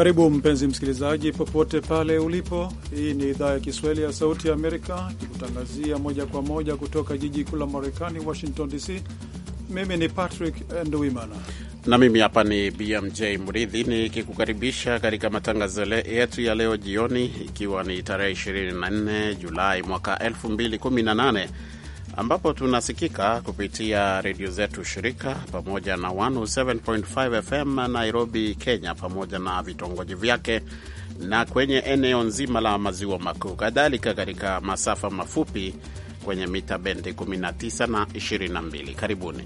Karibu mpenzi msikilizaji, popote pale ulipo. Hii ni idhaa ya Kiswahili ya Sauti ya Amerika ikikutangazia moja kwa moja kutoka jiji kuu la Marekani, Washington DC. Mimi ni Patrick Ndwimana na mimi hapa ni BMJ Mridhi nikikukaribisha katika matangazo yetu ya leo jioni, ikiwa ni tarehe 24 Julai mwaka 2018 ambapo tunasikika kupitia redio zetu shirika pamoja na 107.5 FM Nairobi, Kenya, pamoja na vitongoji vyake na kwenye eneo nzima la maziwa makuu, kadhalika katika masafa mafupi kwenye mita bendi 19 na 22. Karibuni.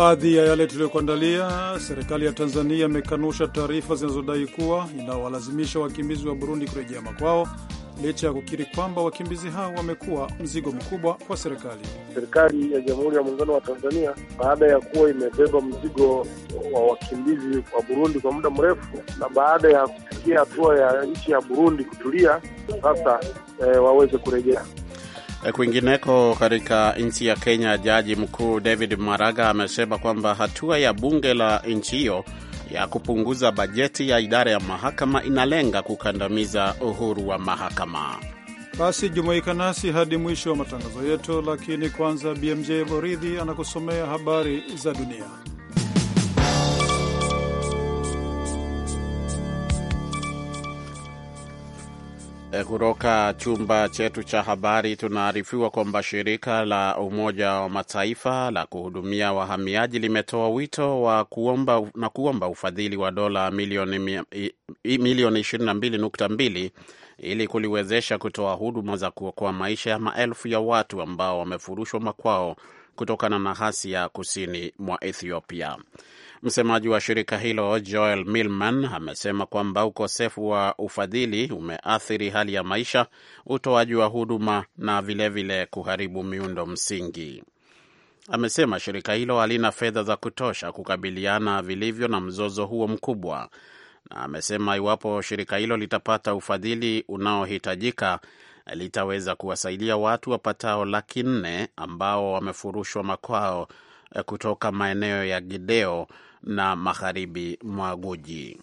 baadhi ya yale tuliyokuandalia. Serikali ya Tanzania imekanusha taarifa zinazodai kuwa inawalazimisha wakimbizi wa Burundi kurejea makwao licha ya kukiri kwamba wakimbizi hao wamekuwa mzigo mkubwa kwa serikali. Serikali ya Jamhuri ya Muungano wa Tanzania, baada ya kuwa imebeba mzigo wa wakimbizi wa Burundi kwa muda mrefu, na baada ya kufikia hatua ya nchi ya Burundi kutulia, sasa eh, waweze kurejea. Eh, kwingineko katika nchi ya Kenya, jaji mkuu David Maraga amesema kwamba hatua ya bunge la nchi hiyo ya kupunguza bajeti ya idara ya mahakama inalenga kukandamiza uhuru wa mahakama. Basi jumuika nasi hadi mwisho wa matangazo yetu, lakini kwanza, BMJ Boridhi anakusomea habari za dunia. Eh, kutoka chumba chetu cha habari tunaarifiwa kwamba shirika la Umoja wa Mataifa la kuhudumia wahamiaji limetoa wito wa kuomba na kuomba ufadhili wa dola milioni 22.2 ili kuliwezesha kutoa huduma za kuokoa maisha ya maelfu ya watu ambao wamefurushwa makwao kutokana na ya kusini mwa Ethiopia. Msemaji wa shirika hilo Joel Milman amesema kwamba ukosefu wa ufadhili umeathiri hali ya maisha, utoaji wa huduma na vilevile vile kuharibu miundo msingi. Amesema shirika hilo halina fedha za kutosha kukabiliana vilivyo na mzozo huo mkubwa, na amesema iwapo shirika hilo litapata ufadhili unaohitajika litaweza kuwasaidia watu wapatao laki nne ambao wamefurushwa makwao Eh, kutoka maeneo ya Gideo na magharibi mwa Guji.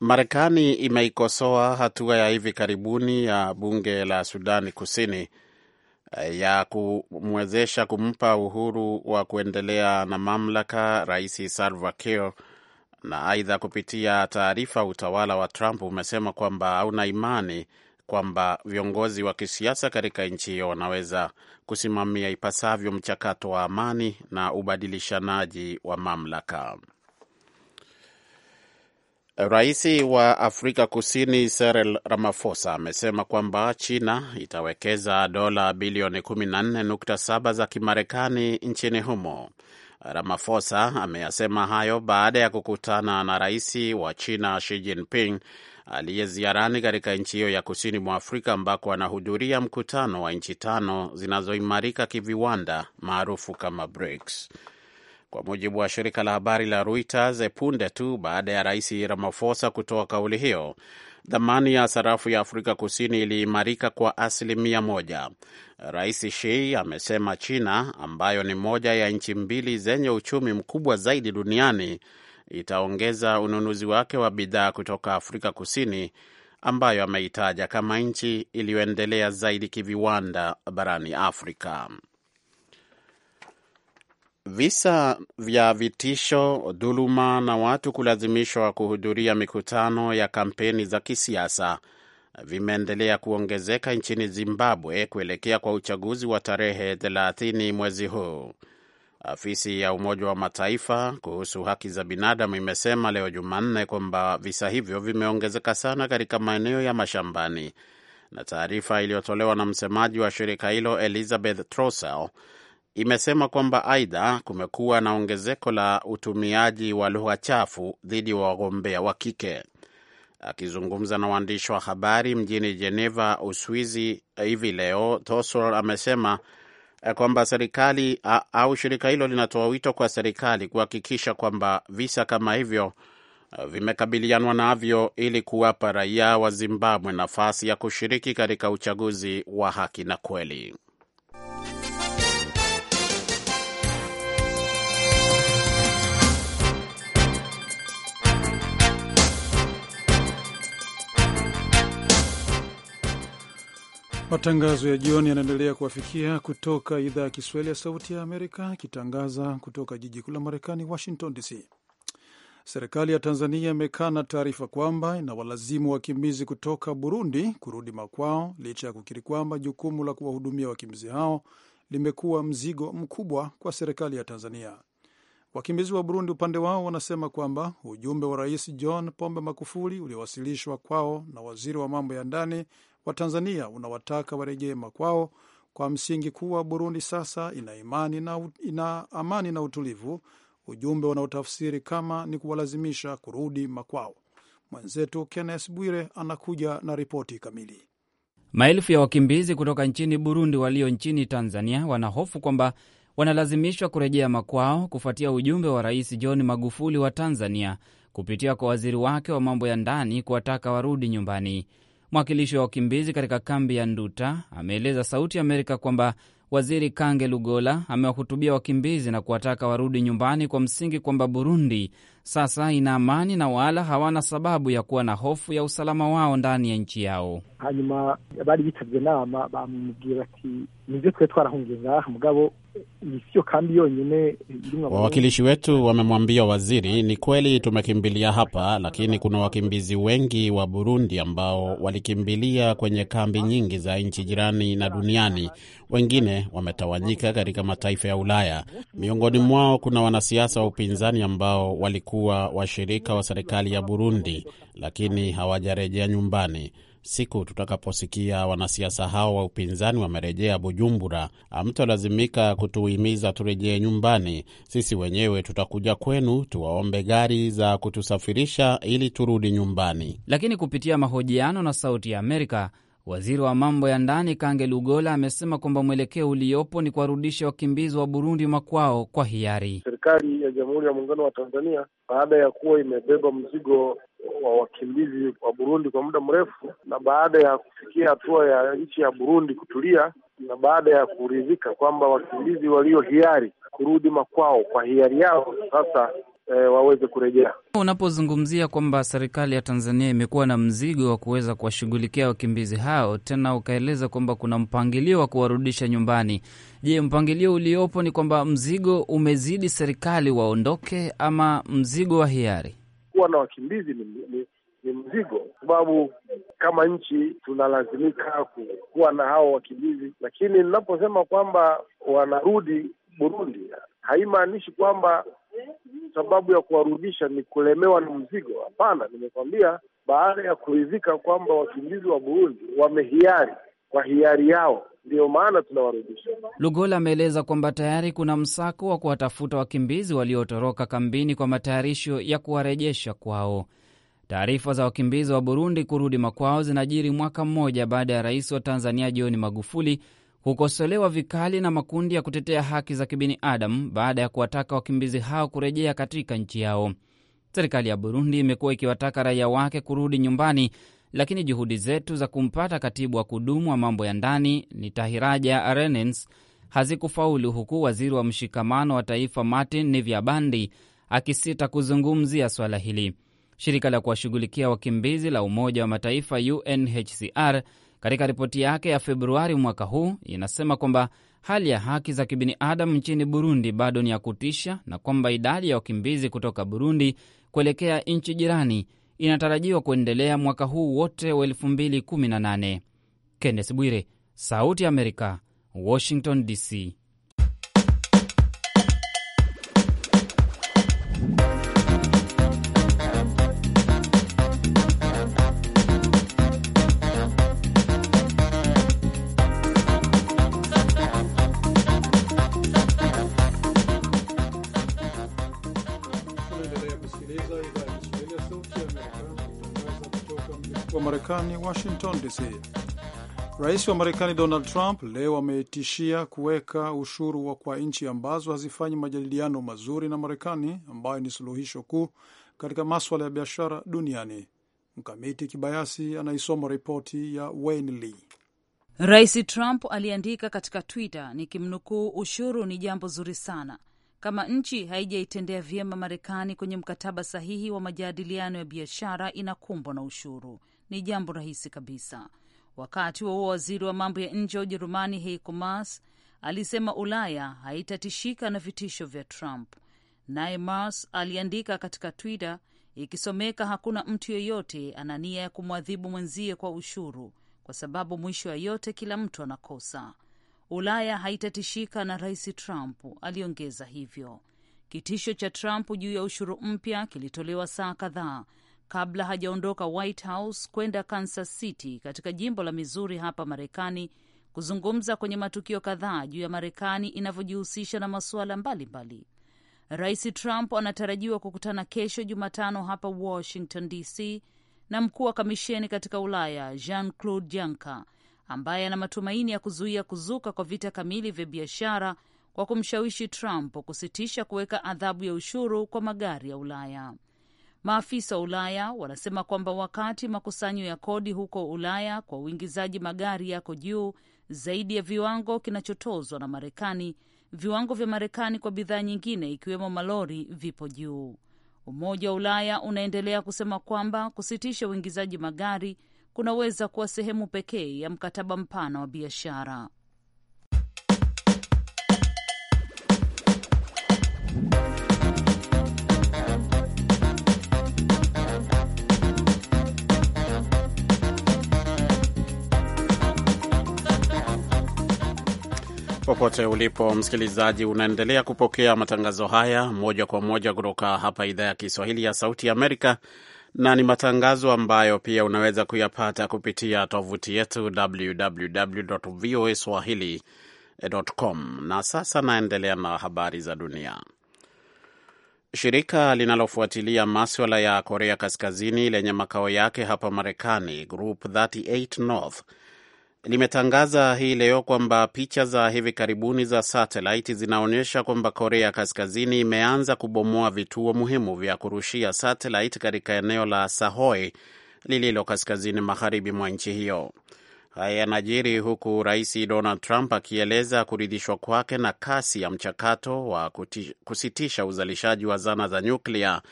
Marekani imeikosoa hatua ya hivi karibuni ya bunge la Sudani Kusini eh, ya kumwezesha kumpa uhuru wa kuendelea na mamlaka Rais Salva Kiir, na aidha, kupitia taarifa, utawala wa Trump umesema kwamba hauna imani kwamba viongozi wa kisiasa katika nchi hiyo wanaweza kusimamia ipasavyo mchakato wa amani na ubadilishanaji wa mamlaka. Rais wa Afrika Kusini Cyril Ramaphosa amesema kwamba China itawekeza dola bilioni 14.7 za Kimarekani nchini humo. Ramaphosa ameyasema hayo baada ya kukutana na rais wa China Xi Jinping aliye ziarani katika nchi hiyo ya kusini mwa Afrika ambako anahudhuria mkutano wa nchi tano zinazoimarika kiviwanda maarufu kama BRICS. Kwa mujibu wa shirika la habari la Reuters, punde tu baada ya Rais Ramaphosa kutoa kauli hiyo, thamani ya sarafu ya Afrika Kusini iliimarika kwa asilimia moja. Rais Xi amesema China, ambayo ni moja ya nchi mbili zenye uchumi mkubwa zaidi duniani, itaongeza ununuzi wake wa bidhaa kutoka Afrika Kusini ambayo ameitaja kama nchi iliyoendelea zaidi kiviwanda barani Afrika. Visa vya vitisho, dhuluma na watu kulazimishwa kuhudhuria mikutano ya kampeni za kisiasa vimeendelea kuongezeka nchini Zimbabwe kuelekea kwa uchaguzi wa tarehe 30 mwezi huu. Afisi ya Umoja wa Mataifa kuhusu haki za binadamu imesema leo Jumanne kwamba visa hivyo vimeongezeka sana katika maeneo ya mashambani. Na taarifa iliyotolewa na msemaji wa shirika hilo Elizabeth trosel imesema kwamba aidha, kumekuwa na ongezeko la utumiaji wa lugha chafu dhidi ya wagombea wa kike. Akizungumza na waandishi wa habari mjini Jeneva, Uswizi hivi leo, Trossel amesema Eh, kwamba serikali au shirika hilo linatoa wito kwa serikali kuhakikisha kwamba visa kama hivyo eh, vimekabilianwa navyo ili kuwapa raia wa Zimbabwe nafasi ya kushiriki katika uchaguzi wa haki na kweli. Matangazo ya jioni yanaendelea kuwafikia kutoka idhaa ya Kiswahili ya Sauti ya Amerika, ikitangaza kutoka jiji kuu la Marekani, Washington DC. Serikali ya Tanzania imekana taarifa kwamba inawalazimu wakimbizi kutoka Burundi kurudi makwao licha ya kukiri kwamba jukumu la kuwahudumia wakimbizi hao limekuwa mzigo mkubwa kwa serikali ya Tanzania. Wakimbizi wa Burundi upande wao wanasema kwamba ujumbe wa Rais John Pombe Magufuli uliowasilishwa kwao na waziri wa mambo ya ndani Watanzania unawataka warejee makwao kwa msingi kuwa Burundi sasa ina imani na, ina amani na utulivu, ujumbe unaotafsiri kama ni kuwalazimisha kurudi makwao. Mwenzetu Kennes Bwire anakuja na ripoti kamili. Maelfu ya wakimbizi kutoka nchini Burundi walio nchini Tanzania wanahofu kwamba wanalazimishwa kurejea makwao kufuatia ujumbe wa Rais John Magufuli wa Tanzania kupitia kwa waziri wake wa mambo ya ndani kuwataka warudi nyumbani. Mwakilishi wa wakimbizi katika kambi ya Nduta ameeleza Sauti ya Amerika kwamba Waziri Kange Lugola amewahutubia wakimbizi na kuwataka warudi nyumbani kwa msingi kwamba Burundi sasa ina amani na wala hawana sababu ya kuwa na hofu ya usalama wao ndani ya nchi yao. hanyuma bari bitabye nama bamubwira ati nibyo twe twarahungiye ngaha mugabo ni kambi yonyine. Eh, Wawakilishi wetu wamemwambia waziri, ni kweli tumekimbilia hapa, lakini kuna wakimbizi wengi wa Burundi ambao walikimbilia kwenye kambi nyingi za nchi jirani na duniani. Wengine wametawanyika katika mataifa ya Ulaya. Miongoni mwao kuna wanasiasa wa upinzani ambao walikuwa washirika wa serikali ya Burundi, lakini hawajarejea nyumbani. Siku tutakaposikia wanasiasa hao wa upinzani wamerejea Bujumbura, hamtolazimika kutuhimiza turejee nyumbani. Sisi wenyewe tutakuja kwenu, tuwaombe gari za kutusafirisha ili turudi nyumbani. Lakini kupitia mahojiano na Sauti ya Amerika, waziri wa mambo ya ndani Kange Lugola amesema kwamba mwelekeo uliopo ni kuwarudisha wakimbizi wa Burundi makwao kwa hiari. Serikali ya Jamhuri ya Muungano wa Tanzania baada ya kuwa imebeba mzigo wa wakimbizi wa Burundi kwa muda mrefu, na baada ya kufikia hatua ya nchi ya Burundi kutulia na baada ya kuridhika kwamba wakimbizi walio hiari kurudi makwao kwa hiari yao sasa e, waweze kurejea. Unapozungumzia kwamba serikali ya Tanzania imekuwa na mzigo wa kuweza kuwashughulikia wakimbizi hao, tena ukaeleza kwamba kuna mpangilio wa kuwarudisha nyumbani. Je, mpangilio uliopo ni kwamba mzigo umezidi serikali waondoke, ama mzigo wa hiari? kuwa na wakimbizi ni, ni, ni mzigo kwa sababu kama nchi tunalazimika kuwa na hao wakimbizi, lakini ninaposema kwamba wanarudi Burundi haimaanishi kwamba sababu ya kuwarudisha ni kulemewa na mzigo. Hapana, nimekwambia baada ya kuridhika kwamba wakimbizi wa Burundi wamehiari kwa hiari yao, ndiyo maana tunawarudisha. Lugola ameeleza kwamba tayari kuna msako wa kuwatafuta wakimbizi waliotoroka kambini kwa matayarisho ya kuwarejesha kwao. Taarifa za wakimbizi wa Burundi kurudi makwao zinajiri mwaka mmoja baada ya rais wa Tanzania John Magufuli kukosolewa vikali na makundi ya kutetea haki za kibinadamu baada ya kuwataka wakimbizi hao kurejea katika nchi yao. Serikali ya Burundi imekuwa ikiwataka raia wake kurudi nyumbani lakini juhudi zetu za kumpata katibu wa kudumu wa mambo ya ndani ni Tahiraja Renens hazikufaulu huku waziri wa mshikamano wa taifa Martin Nivyabandi akisita kuzungumzia swala hili. Shirika la kuwashughulikia wakimbizi la Umoja wa Mataifa UNHCR katika ripoti yake ya Februari mwaka huu inasema kwamba hali ya haki za kibinadamu nchini Burundi bado ni ya kutisha na kwamba idadi ya wakimbizi kutoka Burundi kuelekea nchi jirani inatarajiwa kuendelea mwaka huu wote wa 2018. Kenneth Bwire, Sauti ya Amerika, Washington DC. Marekani, Washington DC. Rais wa Marekani Donald Trump leo ametishia kuweka ushuru wa kwa nchi ambazo hazifanyi majadiliano mazuri na Marekani, ambayo ni suluhisho kuu katika maswala ya biashara duniani. Mkamiti Kibayasi anaisoma ripoti ya Wayne Lee. Rais Trump aliandika katika Twitter nikimnukuu, ushuru ni jambo zuri sana kama nchi haijaitendea vyema Marekani kwenye mkataba sahihi wa majadiliano ya biashara, inakumbwa na ushuru ni jambo rahisi kabisa. Wakati huo waziri wa mambo ya nje wa Ujerumani Heiko Maas alisema Ulaya haitatishika na vitisho vya Trump. Naye Maas aliandika katika Twitter ikisomeka, hakuna mtu yeyote ana nia ya kumwadhibu mwenzie kwa ushuru, kwa sababu mwisho wa yote kila mtu anakosa. Ulaya haitatishika na rais Trump, aliongeza hivyo. Kitisho cha Trump juu ya ushuru mpya kilitolewa saa kadhaa kabla hajaondoka White House kwenda Kansas City katika jimbo la Missouri hapa Marekani kuzungumza kwenye matukio kadhaa juu ya Marekani inavyojihusisha na masuala mbalimbali. Rais Trump anatarajiwa kukutana kesho Jumatano hapa Washington DC na mkuu wa kamisheni katika Ulaya Jean Claude Juncker ambaye ana matumaini ya kuzuia kuzuka kwa vita kamili vya biashara kwa kumshawishi Trump kusitisha kuweka adhabu ya ushuru kwa magari ya Ulaya. Maafisa wa Ulaya wanasema kwamba wakati makusanyo ya kodi huko Ulaya kwa uingizaji magari yako juu zaidi ya viwango kinachotozwa na Marekani, viwango vya Marekani kwa bidhaa nyingine ikiwemo malori vipo juu. Umoja wa Ulaya unaendelea kusema kwamba kusitisha uingizaji magari kunaweza kuwa sehemu pekee ya mkataba mpana wa biashara. Popote ulipo msikilizaji, unaendelea kupokea matangazo haya moja kwa moja kutoka hapa idhaa ya Kiswahili ya Sauti Amerika, na ni matangazo ambayo pia unaweza kuyapata kupitia tovuti yetu www voa swahilicom Na sasa naendelea na habari za dunia. Shirika linalofuatilia maswala ya Korea Kaskazini lenye makao yake hapa Marekani, Group 38 North limetangaza hii leo kwamba picha za hivi karibuni za satelaiti zinaonyesha kwamba Korea Kaskazini imeanza kubomoa vituo muhimu vya kurushia satelaiti katika eneo la Sahoi lililo kaskazini magharibi mwa nchi hiyo. Haya yanajiri huku Rais Donald Trump akieleza kuridhishwa kwake na kasi ya mchakato wa kusitisha uzalishaji wa zana za nyuklia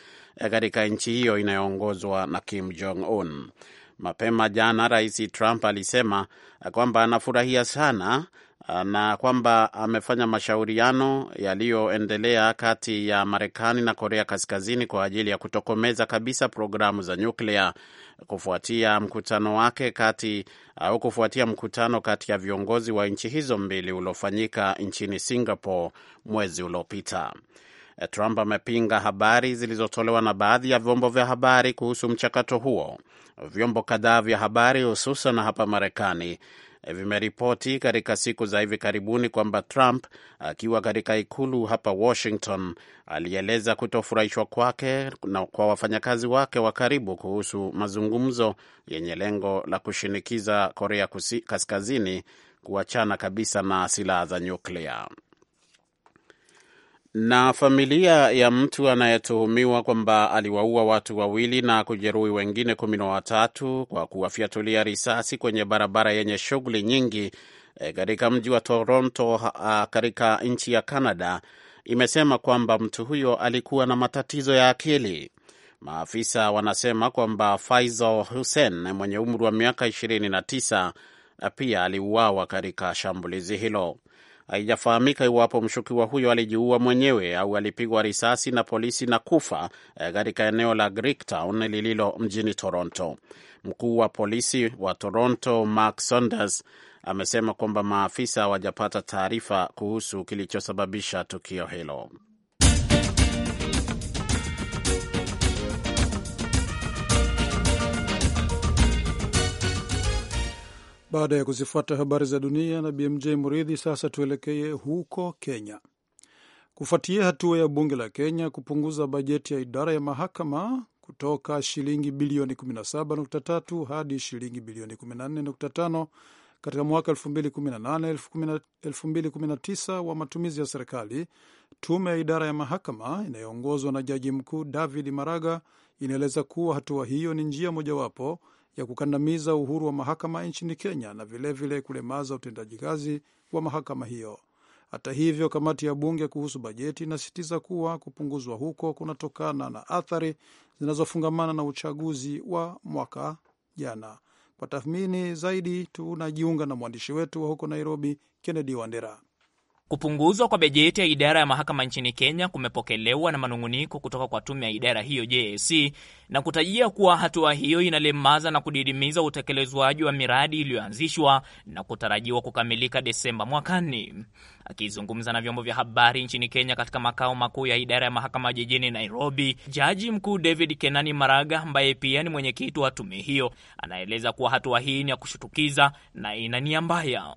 katika nchi hiyo inayoongozwa na Kim Jong Un. Mapema jana Rais Trump alisema kwamba anafurahia sana ah, na kwamba amefanya mashauriano yaliyoendelea kati ya Marekani na Korea Kaskazini kwa ajili ya kutokomeza kabisa programu za nyuklia kufuatia mkutano wake kati au kufuatia mkutano kati ya viongozi wa nchi hizo mbili uliofanyika nchini Singapore mwezi uliopita. Eh, Trump amepinga habari zilizotolewa na baadhi ya vyombo vya habari kuhusu mchakato huo. Vyombo kadhaa vya habari hususan hapa Marekani eh, vimeripoti katika siku za hivi karibuni kwamba Trump akiwa katika ikulu hapa Washington alieleza kutofurahishwa kwake na kwa wafanyakazi wake wa karibu kuhusu mazungumzo yenye lengo la kushinikiza Korea Kaskazini kuachana kabisa na silaha za nyuklia. Na familia ya mtu anayetuhumiwa kwamba aliwaua watu wawili na kujeruhi wengine kumi na watatu kwa kuwafyatulia risasi kwenye barabara yenye shughuli nyingi eh, katika mji wa Toronto ah, katika nchi ya Canada imesema kwamba mtu huyo alikuwa na matatizo ya akili. Maafisa wanasema kwamba Faisal Hussein mwenye umri wa miaka 29 eh, pia aliuawa katika shambulizi hilo haijafahamika iwapo mshukiwa huyo alijiua mwenyewe au alipigwa risasi na polisi na kufa eh, katika eneo la Greektown lililo mjini Toronto. Mkuu wa polisi wa Toronto Mark Saunders amesema kwamba maafisa hawajapata taarifa kuhusu kilichosababisha tukio hilo. Baada ya kuzifuata habari za dunia na BMJ Muridhi, sasa tuelekee huko Kenya. Kufuatia hatua ya bunge la Kenya kupunguza bajeti ya idara ya mahakama kutoka shilingi bilioni 17.3 hadi shilingi bilioni 14.5 katika mwaka 2018 2019 wa matumizi ya serikali, tume ya idara ya mahakama inayoongozwa na jaji mkuu David Maraga inaeleza kuwa hatua hiyo ni njia mojawapo ya kukandamiza uhuru wa mahakama nchini Kenya na vilevile vile kulemaza utendaji kazi wa mahakama hiyo. Hata hivyo, kamati ya bunge kuhusu bajeti inasisitiza kuwa kupunguzwa huko kunatokana na athari zinazofungamana na uchaguzi wa mwaka jana. Kwa tathmini zaidi, tunajiunga na mwandishi wetu wa huko Nairobi, Kennedy Wandera. Kupunguzwa kwa bajeti ya idara ya mahakama nchini Kenya kumepokelewa na manung'uniko kutoka kwa tume ya idara hiyo JSC na kutajia kuwa hatua hiyo inalemaza na kudidimiza utekelezwaji wa miradi iliyoanzishwa na kutarajiwa kukamilika Desemba mwakani. Akizungumza na vyombo vya habari nchini Kenya katika makao makuu ya idara ya mahakama jijini Nairobi, jaji mkuu David Kenani Maraga, ambaye pia ni mwenyekiti wa tume hiyo, anaeleza kuwa hatua hii ni ya kushutukiza na ina nia mbaya.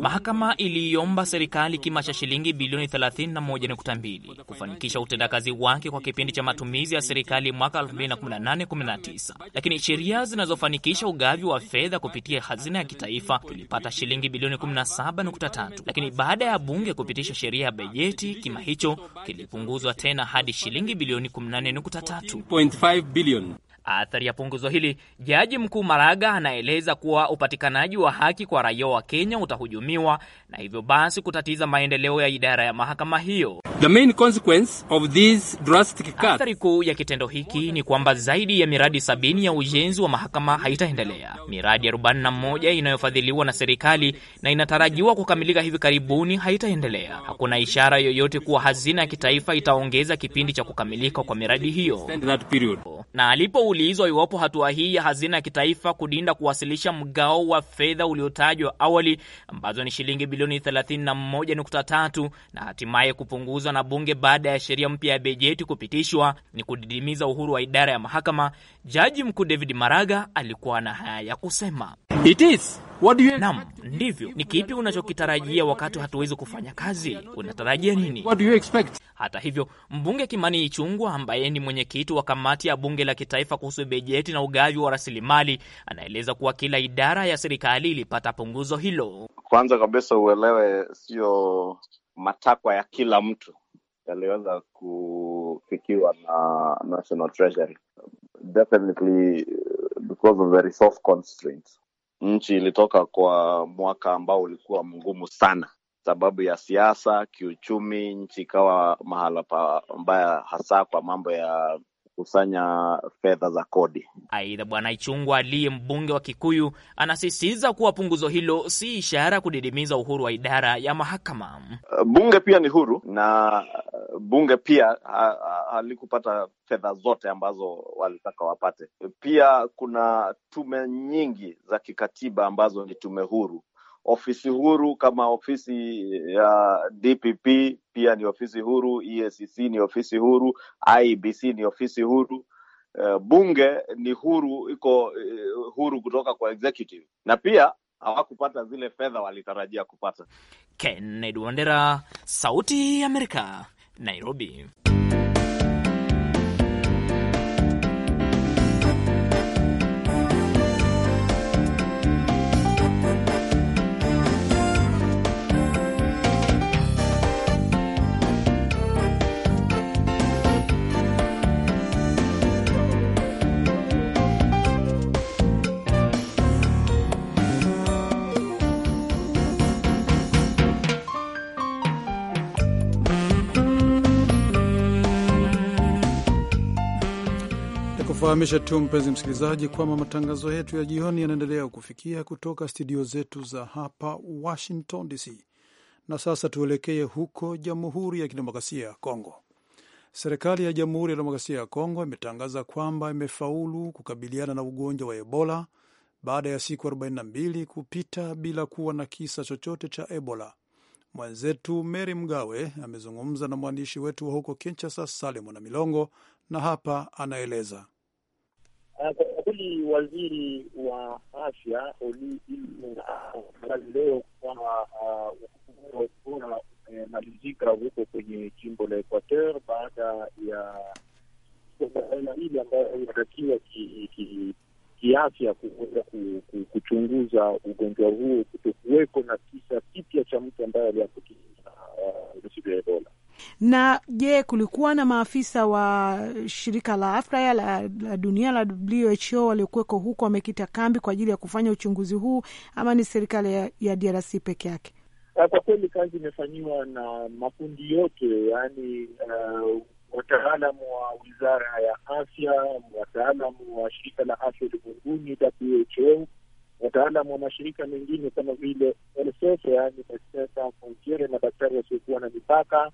Mahakama iliiomba serikali kima cha shilingi bilioni 31.2 kufanikisha utendakazi wake kwa kipindi cha matumizi ya serikali mwaka 2018/19, lakini sheria zinazofanikisha ugavi wa fedha kupitia hazina ya kitaifa tulipata shilingi bilioni 7.3, lakini baada ya bunge kupitisha sheria ya bajeti, kima hicho kilipunguzwa tena hadi shilingi bilioni 18.3. Athari ya punguzo hili, jaji mkuu Maraga anaeleza kuwa upatikanaji wa haki kwa raia wa Kenya utahujumiwa na hivyo basi kutatiza maendeleo ya idara ya mahakama hiyo. The main consequence of these drastic cuts. Athari kuu ya kitendo hiki ni kwamba zaidi ya miradi sabini ya ujenzi wa mahakama haitaendelea. Miradi 41 inayofadhiliwa na serikali na inatarajiwa kukamilika hivi karibuni haitaendelea. Hakuna ishara yoyote kuwa hazina ya kitaifa itaongeza kipindi cha kukamilika kwa miradi hiyo. na alipo kuulizwa iwapo hatua hii ya hazina ya kitaifa kudinda kuwasilisha mgao wa fedha uliotajwa awali ambazo ni shilingi bilioni 31.3 na hatimaye kupunguzwa na bunge baada ya sheria mpya ya bejeti kupitishwa ni kudidimiza uhuru wa idara ya mahakama, jaji mkuu David Maraga alikuwa na haya ya kusema It is Naam, ndivyo. Ni kipi unachokitarajia wakati hatuwezi kufanya kazi? Unatarajia nini? What do you expect? Hata hivyo, mbunge Kimani Ichungwa ambaye ni mwenyekiti wa kamati ya bunge la kitaifa kuhusu bajeti na ugavi wa rasilimali anaeleza kuwa kila idara ya serikali ilipata punguzo hilo. Kwanza kabisa, uelewe siyo matakwa ya kila mtu yaliweza kufikiwa na National Treasury. Definitely uh, because of the resource constraints nchi ilitoka kwa mwaka ambao ulikuwa mgumu sana sababu ya siasa, kiuchumi, nchi ikawa mahala mbaya hasa kwa mambo ya kusanya fedha za kodi. Aidha, Bwana Ichungwa aliye mbunge wa Kikuyu anasisitiza kuwa punguzo hilo si ishara kudidimiza uhuru wa idara ya mahakama. Bunge pia ni huru na uh, bunge pia halikupata fedha zote ambazo walitaka wapate. Pia kuna tume nyingi za kikatiba ambazo ni tume huru ofisi huru kama ofisi ya DPP pia ni ofisi huru, EACC ni ofisi huru, IBC ni ofisi huru. Eh, bunge ni huru, iko eh, huru kutoka kwa executive na pia hawakupata zile fedha walitarajia kupata. Kennedy Wandera, Sauti ya Amerika, Nairobi. Kufahamisha tu mpenzi msikilizaji kwamba matangazo yetu ya jioni yanaendelea kufikia kutoka studio zetu za hapa Washington DC. Na sasa tuelekee huko Jamhuri ya Kidemokrasia ya Kongo. Serikali ya Jamhuri ya Demokrasia ya Kongo imetangaza kwamba imefaulu kukabiliana na ugonjwa wa Ebola baada ya siku 42 kupita bila kuwa na kisa chochote cha Ebola. Mwenzetu Mary Mgawe amezungumza na mwandishi wetu wa huko Kinshasa, Salemu na Milongo, na hapa anaeleza. Ah, kwa kweli waziri wa afya olitangazi leo kwamba ah, ah, korona umemalizika huko kwenye jimbo la Equateur baada ya aina hili ambayo inatakiwa kiafya kuweza kuchunguza ugonjwa huo kutokuweko na kisa kipya cha mtu ambaye aliambukiza virusi vya Ebola. Na je, kulikuwa na maafisa wa shirika la afya la, la dunia la WHO waliokuweko huko wamekita kambi kwa ajili ya kufanya uchunguzi huu ama ni serikali ya, ya DRC peke yake? Ah, kwa kweli kazi imefanyiwa na makundi yote, yaani uh, wataalamu wa wizara ya afya, wataalamu wa shirika la afya ulimwenguni WHO, wataalamu wa mashirika mengine kama vile RSF, yaani na Daktari Wasiokuwa na Mipaka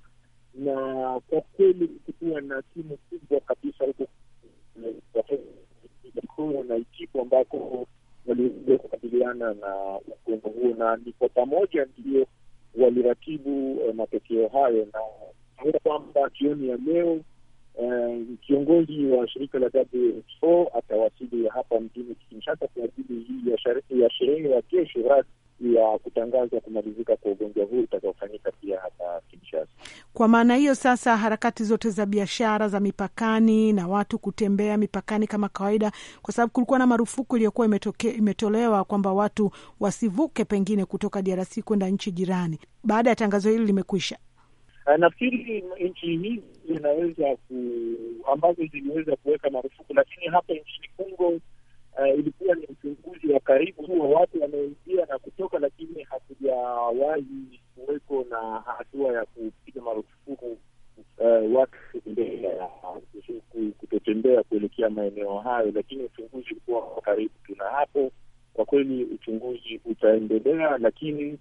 na kwa kweli ukikuwa na timu kubwa kabisa huko ikipo ambako waliweza kukabiliana na ugongo huo, na ni kwa pamoja ndio waliratibu eh, matokeo hayo, na kwamba jioni ya leo eh, kiongozi wa shirika la WHO atawasili hapa mjini Kinshasa kwa ajili hii ya sherehe ya kesho rasmi ya kutangaza kumalizika kwa ugonjwa huu utakaofanyika pia hapa Kinshasa. Kwa maana hiyo sasa, harakati zote za biashara za mipakani na watu kutembea mipakani kama kawaida, kwa sababu kulikuwa na marufuku iliyokuwa imetolewa kwamba watu wasivuke pengine kutoka DRC kwenda nchi jirani. Baada ya tangazo hili limekwisha, eh, nafikiri nchi hizi zinaweza ku ambazo ziliweza kuweka marufuku, lakini hapa nchini Kongo uh, ilikuwa ni uchunguzi wa karibu huwa watu wanaoingia na ku haijawahi kuweko na hatua ya kupiga marufuku uh, watu kutembea kutotembea kuelekea maeneo hayo, lakini uchunguzi ulikuwa kwa karibu tuna hapo. Kwa kweli uchunguzi utaendelea, lakini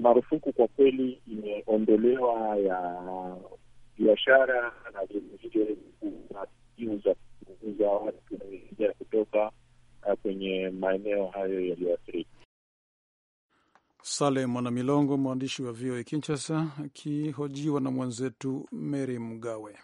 marufuku kwa kweli imeondolewa ya biashara na vilevile za kupunguza watu kutoka eh, kwenye maeneo hayo yaliyoathirika. Sale Mwanamilongo, mwandishi wa VOA Kinshasa, akihojiwa na mwenzetu Mary Mgawe.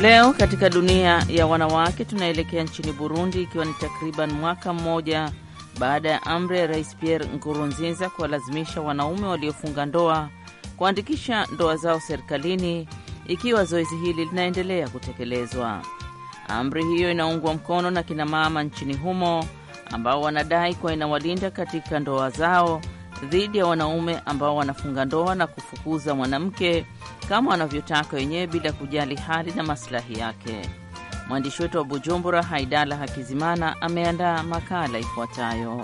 Leo katika dunia ya wanawake tunaelekea nchini Burundi, ikiwa ni takriban mwaka mmoja baada ya amri ya Rais Pierre Nkurunziza kuwalazimisha wanaume waliofunga ndoa kuandikisha ndoa zao serikalini ikiwa zoezi hili linaendelea kutekelezwa. Amri hiyo inaungwa mkono na kinamama nchini humo ambao wanadai kuwa inawalinda katika ndoa zao dhidi ya wanaume ambao wanafunga ndoa na kufukuza mwanamke kama wanavyotaka wenyewe bila kujali hali na masilahi yake. Mwandishi wetu wa Bujumbura, Haidala Hakizimana, ameandaa makala ifuatayo.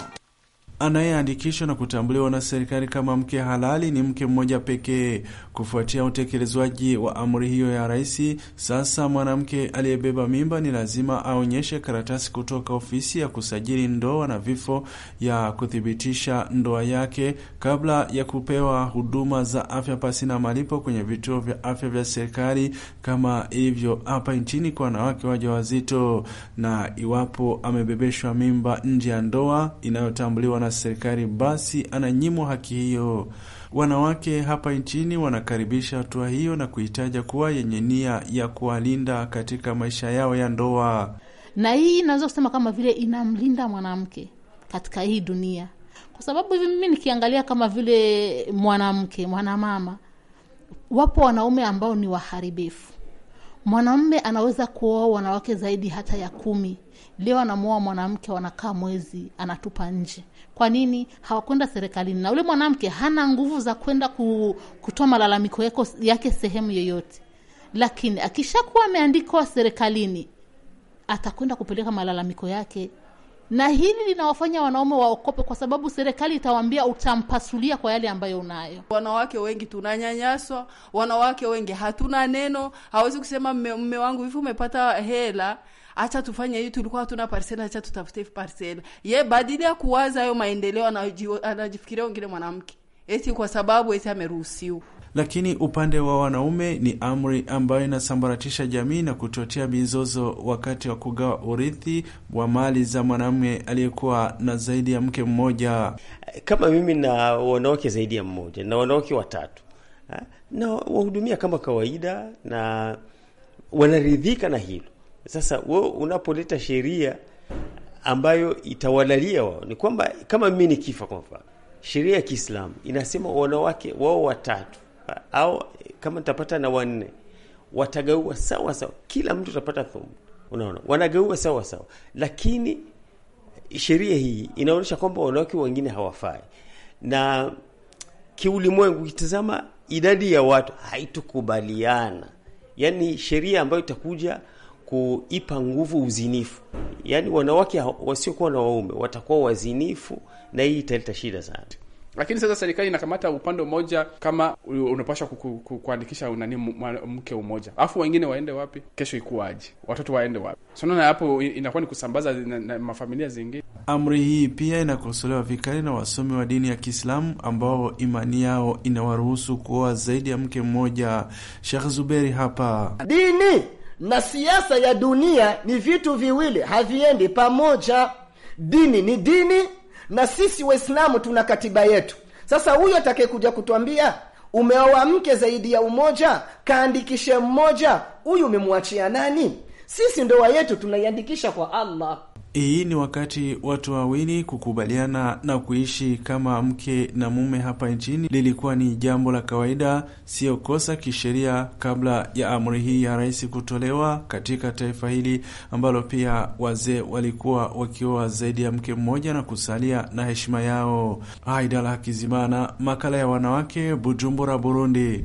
Anayeandikishwa na kutambuliwa na serikali kama mke halali ni mke mmoja pekee. Kufuatia utekelezwaji wa amri hiyo ya rais, sasa mwanamke aliyebeba mimba ni lazima aonyeshe karatasi kutoka ofisi ya kusajili ndoa na vifo ya kuthibitisha ndoa yake kabla ya kupewa huduma za afya pasi na malipo kwenye vituo vya afya vya serikali kama ilivyo hapa nchini kwa wanawake wajawazito, na iwapo amebebeshwa mimba nje ya ndoa inayotambuliwa na na serikali, basi ananyimwa haki hiyo. Wanawake hapa nchini wanakaribisha hatua hiyo na kuhitaja kuwa yenye nia ya kuwalinda katika maisha yao ya ndoa, na hii inaweza kusema kama vile inamlinda mwanamke katika hii dunia, kwa sababu hivi mimi nikiangalia kama vile mwanamke mwanamama, wapo wanaume ambao ni waharibifu Mwanamume anaweza kuoa wanawake zaidi hata ya kumi. Leo anamuoa mwanamke, wanakaa mwezi, anatupa nje. Kwa nini? Hawakwenda serikalini, na ule mwanamke hana nguvu za kwenda kutoa malalamiko yake sehemu yoyote, lakini akishakuwa ameandikwa serikalini, atakwenda kupeleka malalamiko yake na hili linawafanya wanaume waokope, kwa sababu serikali itawaambia utampasulia kwa yale ambayo unayo. Wanawake wengi tunanyanyaswa, wanawake wengi hatuna neno. Hawezi kusema mme wangu hivi, umepata hela Acha tufanye hii, tulikuwa hatuna parsela, acha tutafute parsela. Ye badili ya kuwaza hayo maendeleo, anajifikiria wengine mwanamke eti kwa sababu eti ameruhusiwa lakini upande wa wanaume ni amri ambayo inasambaratisha jamii na kuchochea mizozo wakati wa kugawa urithi wa mali za mwanamume aliyekuwa na zaidi ya mke mmoja. Kama mimi na wanawake zaidi ya mmoja na wanawake watatu, na wahudumia kama kawaida na wanaridhika na hilo. Sasa we unapoleta sheria ambayo itawalalia wao, ni kwamba kama mimi nikifa, kwa mfano, sheria ya Kiislamu inasema wanawake wao watatu au kama tapata na wanne watagaua sawa sawa, kila mtu atapata thumni. Unaona, wanagaua sawa sawa, lakini sheria hii inaonyesha kwamba wanawake wengine hawafai, na kiulimwengu kitazama idadi ya watu haitukubaliana. Yani sheria ambayo itakuja kuipa nguvu uzinifu, yani wanawake wasiokuwa na waume watakuwa wazinifu, na hii italeta shida sana. Lakini sasa serikali inakamata upande mmoja, kama unapasha kuandikisha nani mke umoja, alafu wengine waende wapi? Kesho ikuwaje? Watoto waende wapi? Sinaona hapo inakuwa ni kusambaza na, na mafamilia zingine. Amri hii pia inakosolewa vikali na wasomi wa dini ya Kiislamu ambao imani yao inawaruhusu kuoa zaidi ya mke mmoja. Sheikh Zuberi hapa, dini na siasa ya dunia ni vitu viwili, haviendi pamoja. Dini ni dini na sisi Waislamu tuna katiba yetu. Sasa huyo atakayekuja kutwambia umeoa mke zaidi ya umoja, kaandikishe mmoja, huyu umemwachia nani? Sisi ndoa yetu tunaiandikisha kwa Allah. Hii ni wakati watu wawili kukubaliana na kuishi kama mke na mume hapa nchini lilikuwa ni jambo la kawaida, sio kosa kisheria, kabla ya amri hii ya rais kutolewa katika taifa hili ambalo pia wazee walikuwa wakioa zaidi ya mke mmoja na kusalia na heshima yao. Haidala Hakizimana, makala ya wanawake, Bujumbura, Burundi.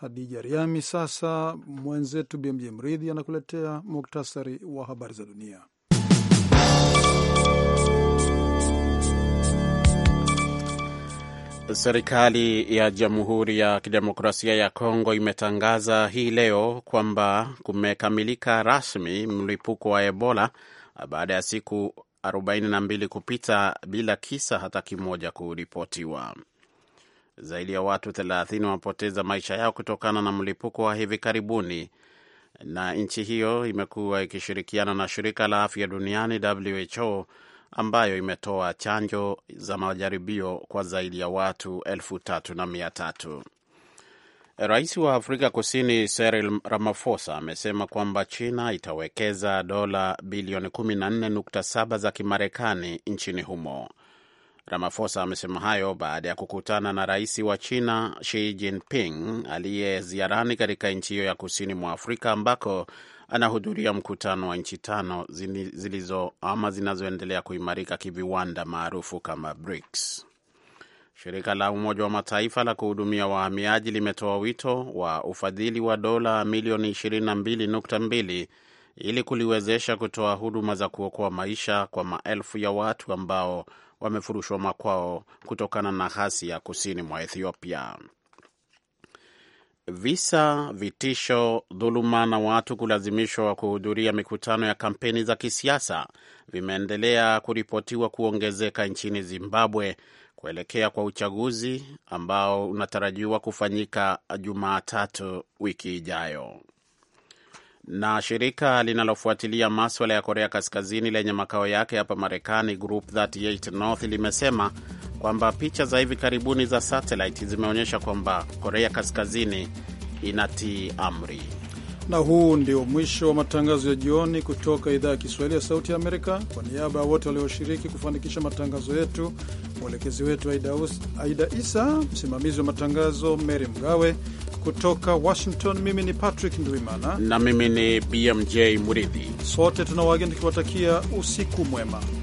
Hadija Riami. Sasa mwenzetu BMJ Mridhi anakuletea muktasari wa habari za dunia. Serikali ya Jamhuri ya Kidemokrasia ya Kongo imetangaza hii leo kwamba kumekamilika rasmi mlipuko wa Ebola baada ya siku 42 kupita bila kisa hata kimoja kuripotiwa. Zaidi ya watu 30 wamepoteza maisha yao kutokana na mlipuko wa hivi karibuni, na nchi hiyo imekuwa ikishirikiana na shirika la afya duniani WHO ambayo imetoa chanjo za majaribio kwa zaidi ya watu elfu tatu na mia tatu. Rais wa Afrika Kusini Cyril Ramaphosa amesema kwamba China itawekeza dola bilioni 14.7 za Kimarekani nchini humo. Ramafosa amesema hayo baada ya kukutana na rais wa China Xi Jinping aliye ziarani katika nchi hiyo ya kusini mwa Afrika ambako anahudhuria mkutano wa nchi tano zilizo ama zinazoendelea kuimarika kiviwanda maarufu kama BRICS. Shirika la Umoja wa Mataifa la kuhudumia wahamiaji limetoa wito wa ufadhili wa dola milioni 22.2 ili kuliwezesha kutoa huduma za kuokoa maisha kwa maelfu ya watu ambao wamefurushwa makwao kutokana na ghasia kusini mwa Ethiopia. Visa, vitisho, dhuluma na watu kulazimishwa kuhudhuria mikutano ya kampeni za kisiasa vimeendelea kuripotiwa kuongezeka nchini Zimbabwe kuelekea kwa uchaguzi ambao unatarajiwa kufanyika Jumatatu wiki ijayo. Na shirika linalofuatilia maswala ya Korea Kaskazini lenye makao yake hapa Marekani, Group 38 North limesema kwamba picha za hivi karibuni za satellite zimeonyesha kwamba Korea Kaskazini inatii amri. Na huu ndio mwisho wa matangazo ya jioni kutoka idhaa ya Kiswahili ya Sauti ya Amerika. Kwa niaba ya wote walioshiriki kufanikisha matangazo yetu, mwelekezi wetu Aida Isa, msimamizi wa matangazo Mary Mgawe, kutoka Washington, mimi ni Patrick Ndwimana na mimi ni BMJ Muridhi. Sote tuna wageni tukiwatakia usiku mwema.